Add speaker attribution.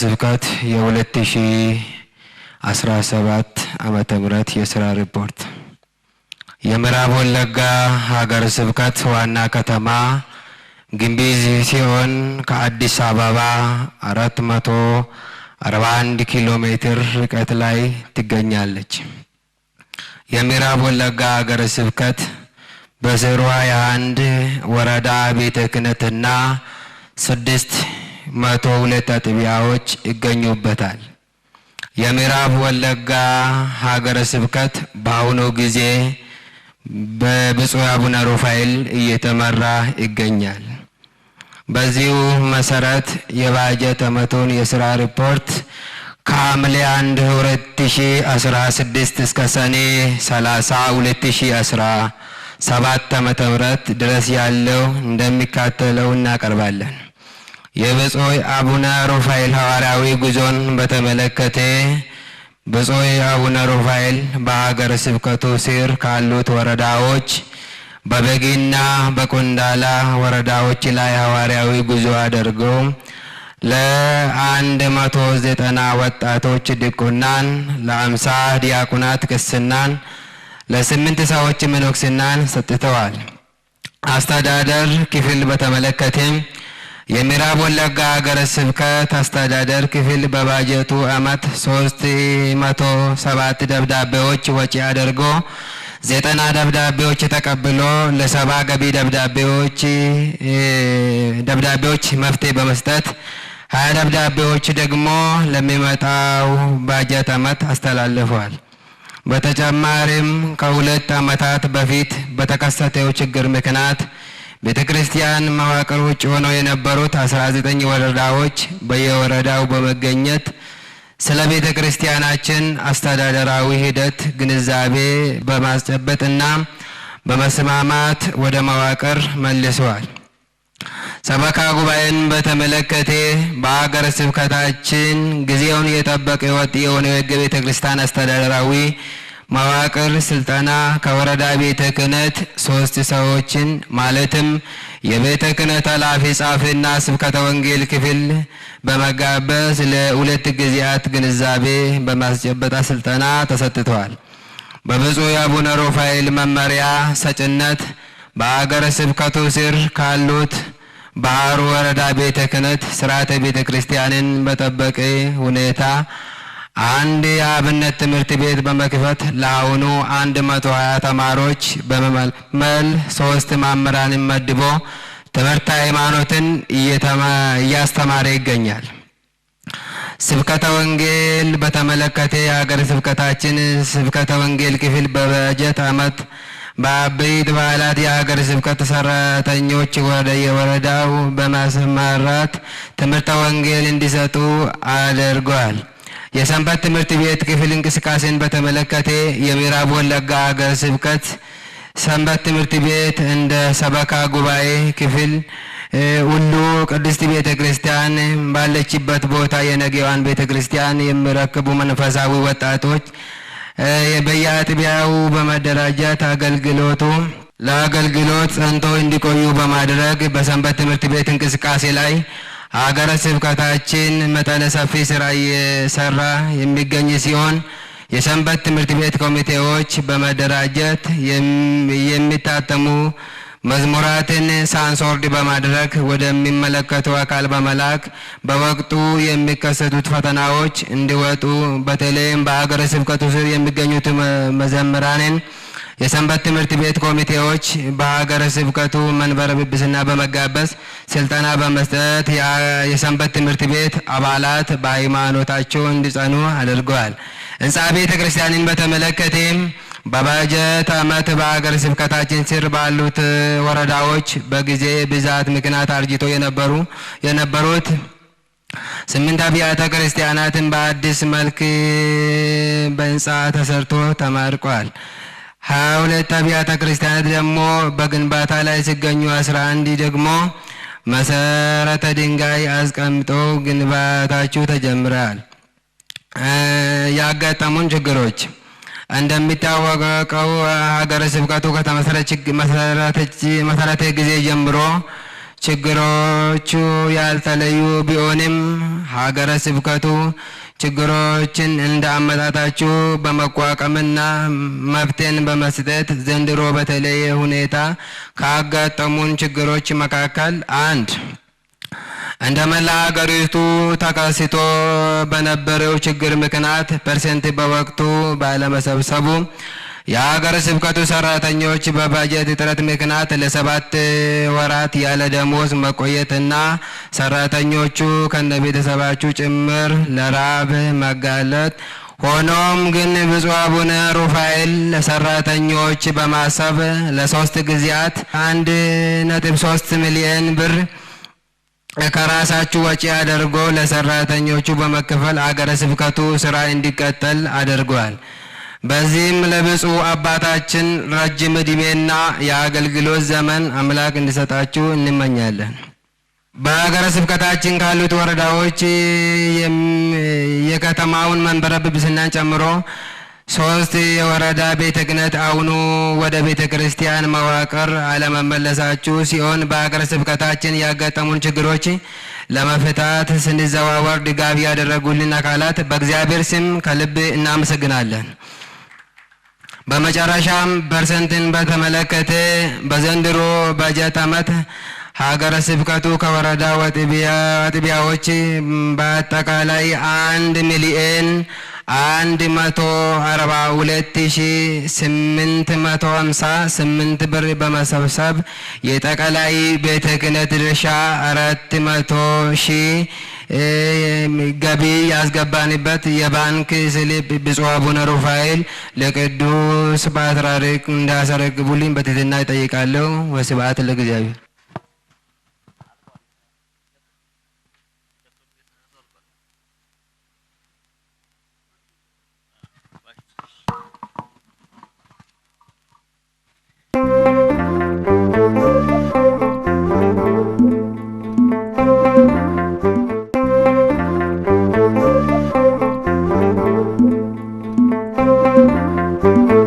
Speaker 1: ስብከት የ2017 ዓመተ ምህረት የስራ ሪፖርት የምዕራብ ወለጋ ሀገረ ስብከት ዋና ከተማ ግንቢ ሲሆን ከአዲስ አበባ 441 ኪሎ ሜትር ርቀት ላይ ትገኛለች። የምዕራብ ወለጋ ሀገረ ስብከት በ021 ወረዳ ቤተ ክህነትና ስድስት መቶ ሁለት አጥቢያዎች ይገኙበታል። የምዕራብ ወለጋ ሀገረ ስብከት በአሁኑ ጊዜ በብፁዕ አቡነ ሩፋኤል እየተመራ ይገኛል። በዚሁ መሰረት የባጀት ዓመቱን የስራ ሪፖርት ከሐምሌ 1 2016 እስከ ሰኔ 30 2017 ዓ.ም ድረስ ያለው እንደሚካተለው እናቀርባለን። የብፁዕ አቡነ ሩፋኤል ሐዋርያዊ ጉዞን በተመለከተ ብፁዕ አቡነ ሩፋኤል በሀገረ ስብከቱ ስር ካሉት ወረዳዎች በበጌና በቆንዳላ ወረዳዎች ላይ ሐዋርያዊ ጉዞ አድርገው ለአንድ መቶ ዘጠና ወጣቶች ድቁናን፣ ለአምሳ ዲያቁናት ቅስናን፣ ለስምንት ሰዎች መኖክስናን ሰጥተዋል። አስተዳደር ክፍል በተመለከተም የምዕራብ ወለጋ ሀገረ ስብከት አስተዳደር ክፍል በባጀቱ ዓመት 307 ደብዳቤዎች ወጪ አድርጎ ዘጠና ደብዳቤዎች ተቀብሎ ለሰባ ገቢ ደብዳቤዎች ደብዳቤዎች መፍትሄ በመስጠት ሀያ ደብዳቤዎች ደግሞ ለሚመጣው ባጀት ዓመት አስተላልፈዋል። በተጨማሪም ከሁለት ዓመታት በፊት በተከሰተው ችግር ምክንያት ቤተ ክርስቲያን መዋቅር ውጭ ሆነው የነበሩት 19 ወረዳዎች በየወረዳው በመገኘት ስለ ቤተ ክርስቲያናችን አስተዳደራዊ ሂደት ግንዛቤ በማስጨበጥ እና በመስማማት ወደ መዋቅር መልሰዋል። ሰበካ ጉባኤን በተመለከተ በአገር ስብከታችን ጊዜውን የጠበቀ ወጥ የሆነ የሕገ ቤተ ክርስቲያን አስተዳደራዊ መዋቅር ስልጠና ከወረዳ ቤተ ክህነት ሶስት ሰዎችን ማለትም የቤተ ክህነት ኃላፊ ጻፊና ስብከተ ወንጌል ክፍል በመጋበዝ ለሁለት ጊዜያት ግንዛቤ በማስጨበጣ ስልጠና ተሰጥተዋል። በብፁዕ የአቡነ ሩፋኤል መመሪያ ሰጭነት በአገረ ስብከቱ ስር ካሉት ባህሩ ወረዳ ቤተ ክህነት ስርዓተ ቤተ ክርስቲያንን በጠበቀ ሁኔታ አንድ የአብነት ትምህርት ቤት በመክፈት ለአሁኑ 120 ተማሪዎች በመመልመል ሶስት ማምራን መድቦ ትምህርት ሃይማኖትን እያስተማረ ይገኛል። ስብከተ ወንጌል በተመለከተ የሀገር ስብከታችን ስብከተ ወንጌል ክፍል በበጀት ዓመት በአበይት በዓላት የሀገር ስብከት ሰራተኞች ወደ የወረዳው በማሰማራት ትምህርተ ወንጌል እንዲሰጡ አድርጓል። የሰንበት ትምህርት ቤት ክፍል እንቅስቃሴን በተመለከተ የምዕራብ ወለጋ ሀገረ ስብከት ሰንበት ትምህርት ቤት እንደ ሰበካ ጉባኤ ክፍል ሁሉ ቅድስት ቤተ ክርስቲያን ባለችበት ቦታ የነገዋን ቤተ ክርስቲያን የሚረክቡ መንፈሳዊ ወጣቶች በየአጥቢያው በመደራጀት አገልግሎቱ ለአገልግሎት ጸንቶ እንዲቆዩ በማድረግ በሰንበት ትምህርት ቤት እንቅስቃሴ ላይ ሀገረ ስብከታችን መጠነ ሰፊ ስራ እየሰራ የሚገኝ ሲሆን የሰንበት ትምህርት ቤት ኮሚቴዎች በመደራጀት የሚታተሙ መዝሙራትን ሳንሶርድ በማድረግ ወደሚመለከቱ አካል በመላክ በወቅቱ የሚከሰቱት ፈተናዎች እንዲወጡ በተለይም በሀገረ ስብከቱ ስር የሚገኙት መዘምራንን የሰንበት ትምህርት ቤት ኮሚቴዎች በሀገረ ስብከቱ መንበረ ጵጵስና በመጋበዝ ስልጠና በመስጠት የሰንበት ትምህርት ቤት አባላት በሃይማኖታቸው እንዲጸኑ አድርገዋል። ሕንፃ ቤተ ክርስቲያንን በተመለከተም በበጀት ዓመት በሀገረ ስብከታችን ስር ባሉት ወረዳዎች በጊዜ ብዛት ምክንያት አርጅቶ የነበሩ የነበሩት ስምንት አብያተ ክርስቲያናትን በአዲስ መልክ በሕንፃ ተሰርቶ ተመርቋል። ሀያ ሁለት አብያተ ክርስቲያናት ደግሞ በግንባታ ላይ ሲገኙ አስራ አንድ ደግሞ መሰረተ ድንጋይ አስቀምጦ ግንባታችሁ ተጀምረዋል። ያጋጠሙን ችግሮች እንደሚታወቀው ሀገረ ስብከቱ ከተመሰረተ ጊዜ ጀምሮ ችግሮቹ ያልተለዩ ቢሆንም ሀገረ ስብከቱ ችግሮችን እንደ አመታታችሁ በመቋቋምና መፍትሄን በመስጠት ዘንድሮ በተለየ ሁኔታ ካጋጠሙን ችግሮች መካከል አንድ እንደ መላ ሀገሪቱ ተከስቶ በነበረው ችግር ምክንያት ፐርሰንት በወቅቱ ባለመሰብሰቡ የሀገረ ስብከቱ ሰራተኞች በበጀት እጥረት ምክንያት ለሰባት ወራት ያለ ደሞዝ መቆየትና ሰራተኞቹ ከነቤተሰባቸው ጭምር ለራብ መጋለጥ ሆኖም ግን ብፁዕ አቡነ ሩፋኤል ለሰራተኞች በማሰብ ለሶስት ጊዜያት አንድ ነጥብ ሶስት ሚሊዮን ብር ከራሳችሁ ወጪ አድርጎ ለሰራተኞቹ በመክፈል አገረ ስብከቱ ስራ እንዲቀጠል አድርጓል። በዚህም ለብፁዕ አባታችን ረጅም ዕድሜና የአገልግሎት ዘመን አምላክ እንዲሰጣችሁ እንመኛለን። በሀገረ ስብከታችን ካሉት ወረዳዎች የከተማውን መንበረ ጵጵስናን ጨምሮ ሶስት የወረዳ ቤተ ክህነት አሁኑ ወደ ቤተ ክርስቲያን መዋቅር አለመመለሳችሁ ሲሆን በሀገረ ስብከታችን ያጋጠሙን ችግሮች ለመፍታት ስንዘዋወር ድጋፍ ያደረጉልን አካላት በእግዚአብሔር ስም ከልብ እናመሰግናለን። በመጨረሻም ፐርሰንትን በተመለከተ በዘንድሮ በጀት ዓመት ሀገረ ስብከቱ ከወረዳ ወጥቢያዎች በአጠቃላይ አንድ ሚሊዮን አንድ መቶ አርባ ሁለት ሺ ስምንት መቶ ሀምሳ ስምንት ብር በመሰብሰብ የጠቅላይ ቤተ ክህነት ድርሻ አራት መቶ ሺህ ገቢ ያስገባንበት የባንክ ስሊፕ ብፁዕ አቡነ ሩፋኤል ለቅዱስ ፓትርያርክ እንዳያስረክቡልኝ በትህትና ይጠይቃለሁ። ወስብሐት ለእግዚአብሔር።
Speaker 2: Thank you.